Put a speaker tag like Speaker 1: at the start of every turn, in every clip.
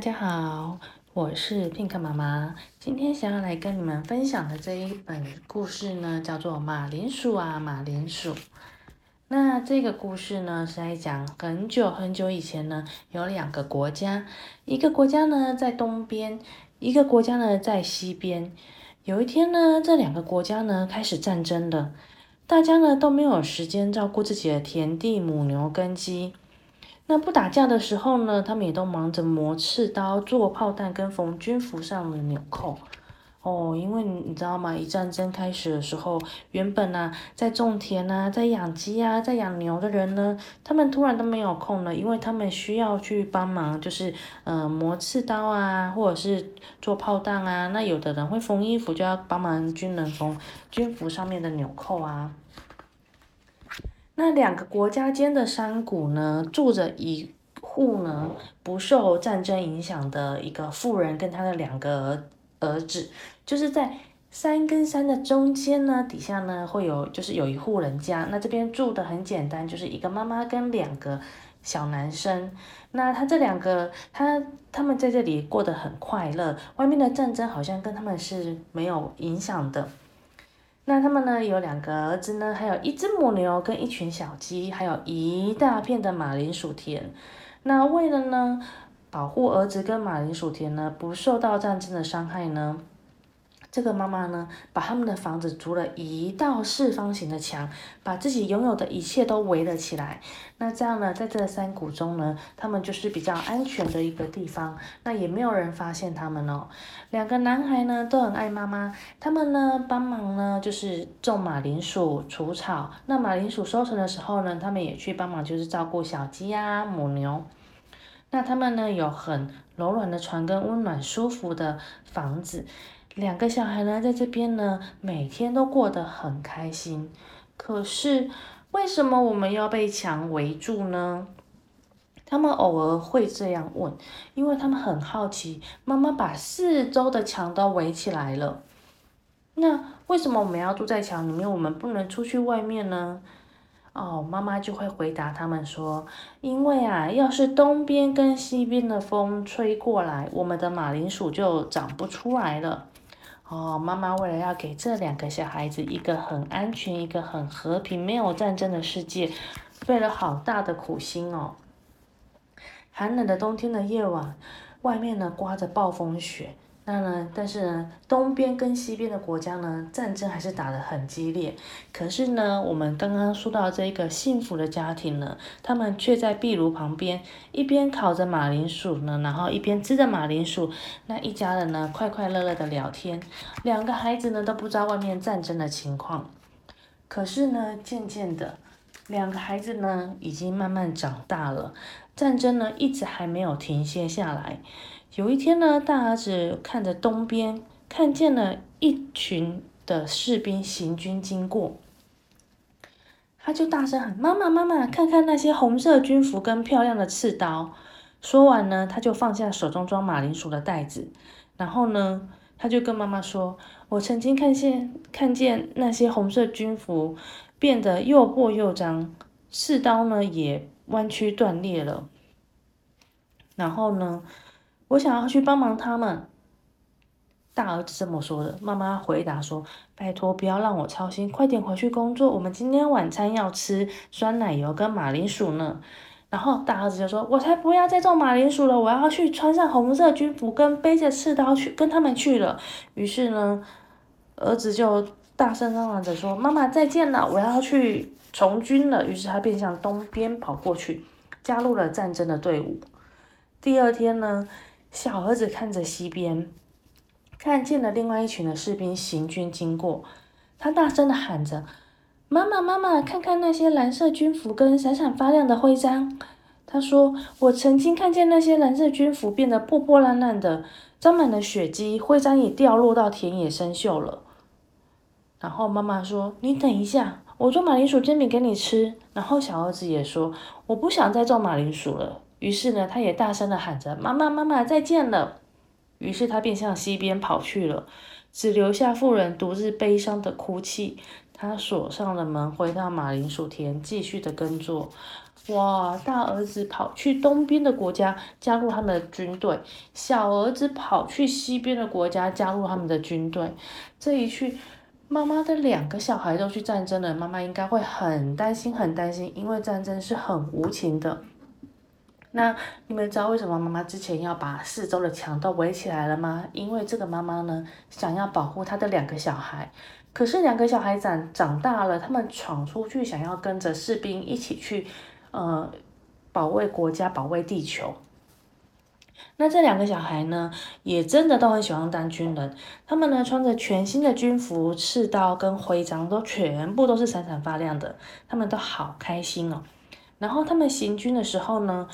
Speaker 1: 大家好，我是 Pink 媽媽。今天想要來跟你們分享的這一本故事呢，叫做《馬鈴薯啊馬鈴薯》。那這個故事呢，是在講很久很久以前呢，有兩個國家，一個國家呢在東邊，一個國家呢在西邊。有一天呢，這兩個國家呢開始戰爭了，大家呢都沒有時間照顧自己的田地、母牛根基、跟雞。那不打架的時候呢，他們也都忙着磨刺刀、做炮彈跟縫軍服上的紐扣。哦，因為你知道嗎？一戰爭開始的時候，原本呢、啊、在種田啊、在養雞啊、在養牛的人呢，他們突然都沒有空了，因為他們需要去幫忙，就是呃磨刺刀啊，或者是做炮彈啊。那有的人會縫衣服，就要幫忙軍人縫軍服上面的紐扣啊。那兩個國家間的山谷呢，住着一戶呢不受戰爭影響的一個婦人，跟他的兩個兒兒子，就是在山跟山的中間呢，底下呢會有就是有一戶人家，那這邊住的很簡單，就是一個媽媽跟兩個小男生，那他這兩個他他們在這裡過得很快樂，外面的戰爭好像跟他們是沒有影響的。那他們呢，有兩個兒子呢，還有一隻母牛跟一群小雞，還有一大片的馬鈴薯田。那為了呢，保護兒子跟馬鈴薯田呢，不受到戰爭的傷害呢，這個媽媽呢，把他們的房子築了一道四方形的牆，把自己擁有的一切都圍了起來。那這樣呢，在這山谷中呢，他們就是比較安全的一個地方。那也沒有人發現他們哦。兩個男孩呢，都很愛媽媽。他們呢，幫忙呢，就是種馬鈴薯、除草。那馬鈴薯收成的時候呢，他們也去幫忙，就是照顧小雞呀、啊、母牛。那他們呢，有很柔軟的床跟溫暖舒服的房子。兩個小孩呢，在這邊呢，每天都過得很開心。可是，為什麼我們要被牆圍住呢？他們偶爾會這樣問，因為他們很好奇。媽媽把四周的牆都圍起來了，那為什麼我們要住在牆裡面，我們不能出去外面呢？哦，媽媽就會回答他們說：“因為啊，要是東邊跟西邊的風吹過來，我們的馬鈴薯就長不出來了。”哦，媽媽為了要給這兩個小孩子一個很安全、一個很和平、沒有戰爭的世界，費了好大的苦心哦。寒冷的冬天的夜晚，外面呢颳着暴風雪。那呢？但是呢，東邊跟西邊的國家呢，戰爭還是打得很激烈。可是呢，我們剛剛說到這個幸福的家庭呢，他們卻在壁爐旁邊一邊烤着馬鈴薯呢，然後一邊吃着馬鈴薯。那一家人呢，快快樂樂地聊天。兩個孩子呢，都不知道外面戰爭的情況。可是呢，漸漸的，兩個孩子呢，已經慢慢長大了。戰爭呢，一直還沒有停歇下來。有一天呢，大兒子看着東邊，看見了一群的士兵行軍經過，他就大聲喊：“媽媽，媽媽，看看那些紅色軍服跟漂亮的刺刀！”說完呢，他就放下手中裝馬鈴薯的袋子，然後呢，他就跟媽媽說：“我曾經看見看見那些紅色軍服變得又破又髒，刺刀呢也彎曲斷裂了。”然後呢？我想要去幫忙他們。大兒子這麼說的。媽媽回答說：“拜托，不要讓我操心，快點回去工作。我們今天晚餐要吃酸奶油跟馬鈴薯呢。”然後大兒子就說：“我才不要再種馬鈴薯了，我要去穿上紅色軍服，跟背着刺刀去跟他們去了。”於是呢，兒子就大聲嚷嚷着說：“媽媽，再見了，我要去從軍了。”於是他便向東邊跑過去，加入了戰爭的隊伍。第二天呢，小兒子看着西邊，看見了另外一群的士兵行軍經過，他大聲的喊着：“媽媽，媽媽，看看那些藍色軍服跟閃閃發亮的徽章。”他說：“我曾經看見那些藍色軍服變得破破爛爛的，沾滿了血跡，徽章也掉落到田野生鏽了。”然後媽媽說：“你等一下，我做馬鈴薯煎餅給你吃。”然後小兒子也說：“我不想再做馬鈴薯了。”於是呢，他也大聲的喊着：“媽媽，媽媽，再見了。”於是他便向西邊跑去了，只留下婦人獨自悲傷的哭泣。他鎖上了門，回到馬鈴薯田，繼續的耕作。哇，大兒子跑去東邊的國家加入他們的軍隊，小兒子跑去西邊的國家加入他們的軍隊。這一去，媽媽的兩個小孩都去戰爭了，媽媽應該會很擔心，很擔心，因為戰爭是很無情的。那你們知道為什麼媽媽之前要把四周的牆都圍起來了嗎？因為這個媽媽呢，想要保護她的兩個小孩。可是兩個小孩長長大了，他們闖出去想要跟着士兵一起去，呃，保衛國家，保衛地球。那這兩個小孩呢，也真的都很喜歡當軍人。他們呢，穿着全新的軍服，刺刀跟徽章都全部都是閃閃發亮的。他們都好開心哦。然後他們行軍的時候呢，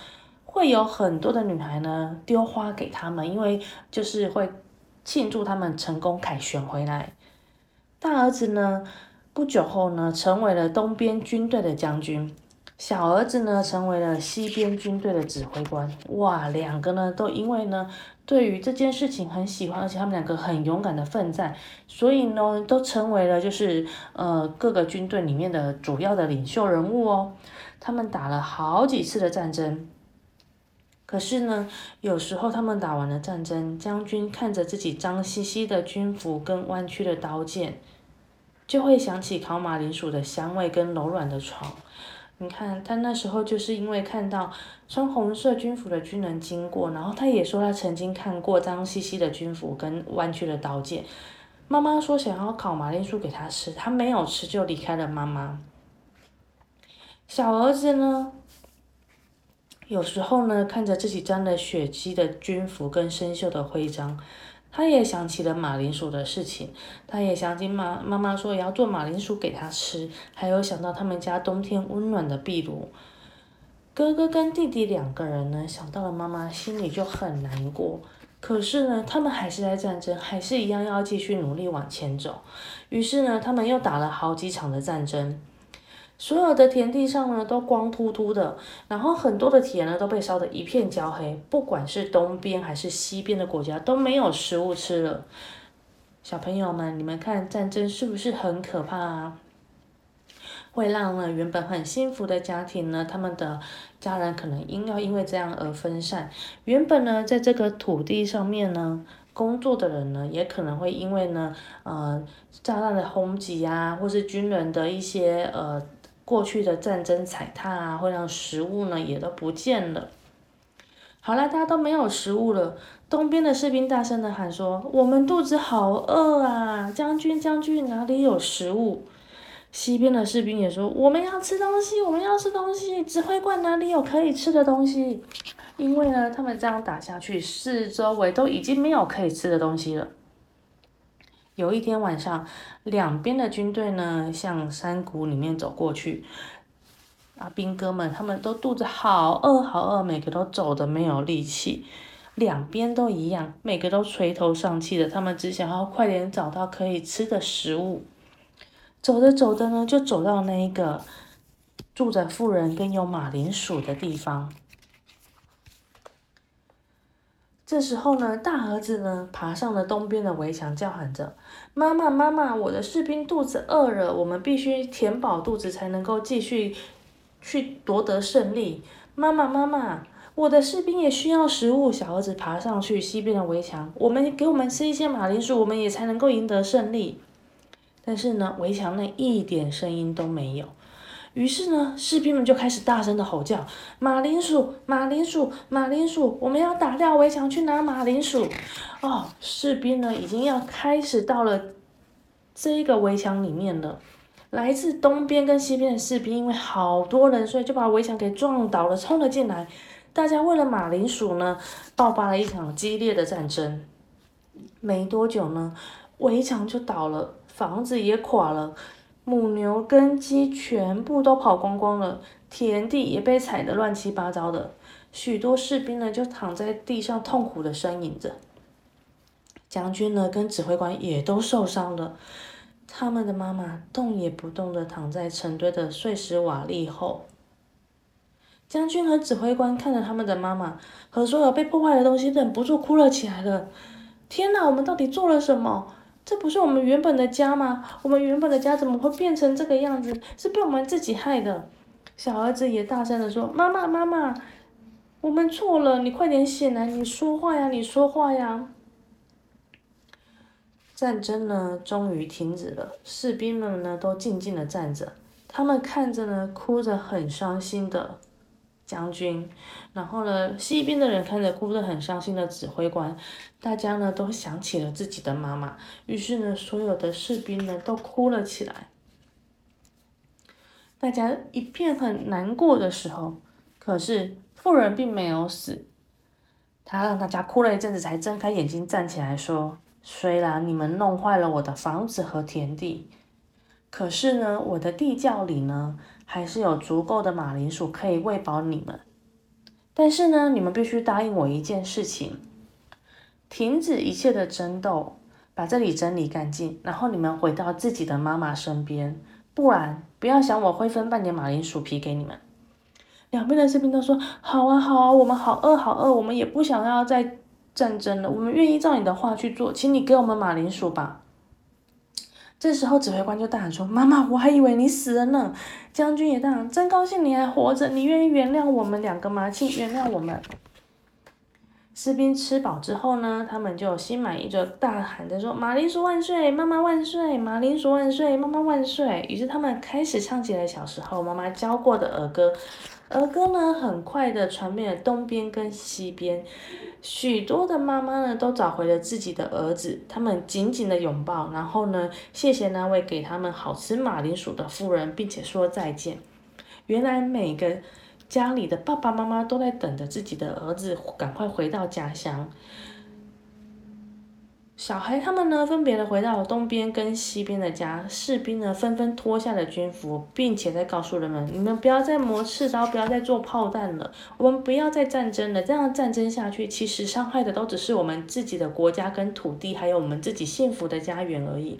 Speaker 1: 會有很多的女孩呢，丟花給他們，因為就是會慶祝他們成功凱旋回來。大兒子呢，不久後呢，成為了東邊軍隊的將軍；小兒子呢，成為了西邊軍隊的指揮官。哇，兩個呢都因為呢，對於這件事情很喜歡，而且他們兩個很勇敢的奮戰，所以呢，都成為了就是呃各個軍隊裡面的主要的領袖人物哦。他們打了好幾次的戰爭。可是呢，有時候他們打完了戰爭，將軍看着自己髒兮兮的軍服跟彎曲的刀劍，就會想起烤馬鈴薯的香味跟柔軟的床。你看，他那時候就是因為看到穿紅色軍服的軍人經過，然後他也說他曾經看過髒兮兮的軍服跟彎曲的刀劍。媽媽說想要烤馬鈴薯給他吃，他沒有吃就離開了媽媽。小兒子呢？有時候呢，看着自己沾了血跡的軍服跟生鏽的徽章，他也想起了馬鈴薯的事情，他也想起媽媽媽說也要做馬鈴薯給他吃，還有想到他們家冬天溫暖的壁爐。哥哥跟弟弟兩個人呢，想到了媽媽，心裡就很難過。可是呢，他們還是在戰爭，還是一樣要繼續努力往前走。於是呢，他們又打了好幾場的戰爭。所有的田地上呢都光禿禿的，然後很多的田呢都被燒得一片焦黑，不管是東邊還是西邊的國家都沒有食物吃了。小朋友們，你們看戰爭是不是很可怕啊？會讓呢原本很幸福的家庭呢，他們的家人可能因要因為這樣而分散。原本呢在這個土地上面呢工作的人呢也可能會因為呢呃炸彈的轟擊啊，或是軍人的一些呃。過去的戰爭踩踏啊，會讓食物呢也都不見了。好了，大家都沒有食物了。東邊的士兵大聲地喊說：“我們肚子好餓啊，將軍，將軍哪裡有食物？”西邊的士兵也說：“我們要吃東西，我們要吃東西，指揮官哪裡有可以吃的東西？”因為呢，他們這樣打下去，四周圍都已經沒有可以吃的東西了。有一天晚上，兩邊的軍隊呢向山谷裡面走過去。阿兵哥們，他們都肚子好餓，好餓，每個都走的沒有力氣。兩邊都一樣，每個都垂頭喪氣的。他們只想要快點找到可以吃的食物。走着走着呢，就走到那一個住着富人跟有馬鈴薯的地方。這時候呢，大兒子呢爬上了東邊的圍牆，叫喊着：“媽媽，媽媽，我的士兵肚子餓了，我們必須填飽肚子，才能夠繼續去奪得勝利。”媽媽，媽媽，我的士兵也需要食物。小兒子爬上去西邊的圍牆，我們，給我們吃一些馬鈴薯，我們也才能夠贏得勝利。但是呢，圍牆內一點聲音都沒有。於是呢，士兵們就開始大聲的吼叫：“馬鈴薯，馬鈴薯，馬鈴薯！我們要打掉圍牆，去拿馬鈴薯。”哦，士兵呢，已經要開始到了這個圍牆裡面了。來自東邊跟西邊的士兵，因為好多人，所以就把圍牆給撞倒了，衝了進來。大家為了馬鈴薯呢，爆發了一場激烈的戰爭。沒多久呢，圍牆就倒了，房子也垮了。母牛跟雞全部都跑光光了，田地也被踩得亂七八糟的。許多士兵呢，就躺在地上痛苦的呻吟着。將軍呢，跟指揮官也都受傷了。他們的媽媽動也不動的躺在成堆的碎石瓦礫後。將軍和指揮官看着他們的媽媽和所有被破壞的東西，忍不住哭了起來了。天吶，我們到底做了什麼？這不是我們原本的家嗎？我們原本的家怎麼會變成這個樣子？是被我們自己害的。小兒子也大聲的說：“媽媽，媽媽，我們錯了，你快點醒來，你說話呀，你說話呀。”戰爭呢，終於停止了，士兵們呢，都靜靜的站着，他們看着呢，哭着，很傷心的。將軍，然後呢，西邊的人看着哭得很傷心的指揮官，大家呢都想起了自己的媽媽，於是呢，所有的士兵呢都哭了起來。大家一片很難過的時候，可是富人並沒有死，他讓大家哭了一陣子，才睜開眼睛站起來說：“雖然你們弄壞了我的房子和田地。”可是呢，我的地窖裡呢，還是有足夠的馬鈴薯可以餵飽你們。但是呢，你們必須答應我一件事情：停止一切的爭鬥，把這裡整理乾淨，然後你們回到自己的媽媽身邊。不然，不要想我會分半點馬鈴薯皮給你們。兩邊的士兵都說：“好啊，好啊，我們好餓，好餓，我們也不想要再戰爭了，我們願意照你的話去做，請你給我們馬鈴薯吧。”這時候，指揮官就大喊說：“媽媽，我還以為你死了呢。”將軍也大喊：“真高興你還活着，你願意原諒我們兩個嗎？請原諒我們。”士兵吃飽之後呢，他們就心滿意足，大喊着說：“馬鈴薯萬歲，媽媽萬歲！馬鈴薯萬歲，媽媽萬歲！”於是他們開始唱起了小時候媽媽教過的兒歌。兒歌呢，很快的傳遍了東邊跟西邊，許多的媽媽呢，都找回了自己的兒子，他們緊緊的擁抱，然後呢，謝謝那位給他們好吃馬鈴薯的婦人，並且說再見。原來每個家裡的爸爸媽媽都在等着自己的兒子趕快回到家鄉。小孩他們呢，分別的回到東邊跟西邊的家。士兵呢，紛紛脫下了軍服，並且在告訴人們：“你們不要再磨刺刀，不要再做炮彈了，我們不要再戰爭了。這樣戰爭下去，其實傷害的都只是我們自己的國家跟土地，還有我們自己幸福的家園而已。”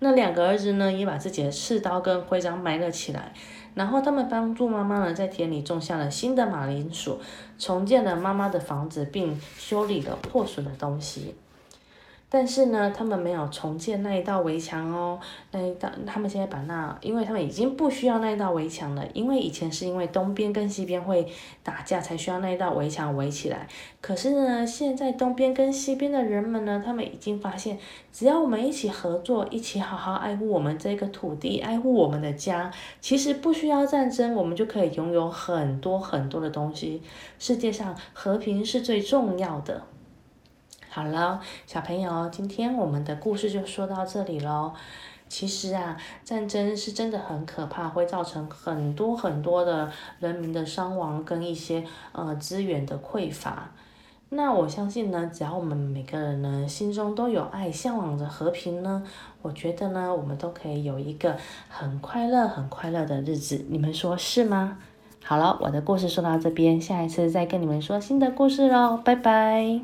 Speaker 1: 那兩個兒子呢，也把自己的刺刀跟徽章埋了起來。然後他們幫助媽媽呢，在田裡種下了新的馬鈴薯，重建了媽媽的房子，並修理了破損的東西。但是呢，他們沒有重建那一道圍牆哦。那一道，他們現在把那，因為他們已經不需要那一道圍牆了。因為以前是因為東邊跟西邊會打架才需要那一道圍牆圍起來。可是呢，現在東邊跟西邊的人們呢，他們已經發現，只要我們一起合作，一起好好愛護我們這個土地，愛護我們的家，其實不需要戰爭，我們就可以擁有很多很多的東西。世界上和平是最重要的。好了，小朋友，今天我們的故事就說到這裡嘍。其實啊，戰爭是真的很可怕，會造成很多很多的人民的傷亡跟一些呃資源的匱乏。那我相信呢，只要我們每個人呢，心中都有愛，嚮往着和平呢，我覺得呢，我們都可以有一個很快樂很快樂的日子。你們說是嗎？好了，我的故事說到這邊，下一次再跟你們說新的故事嘍，拜拜。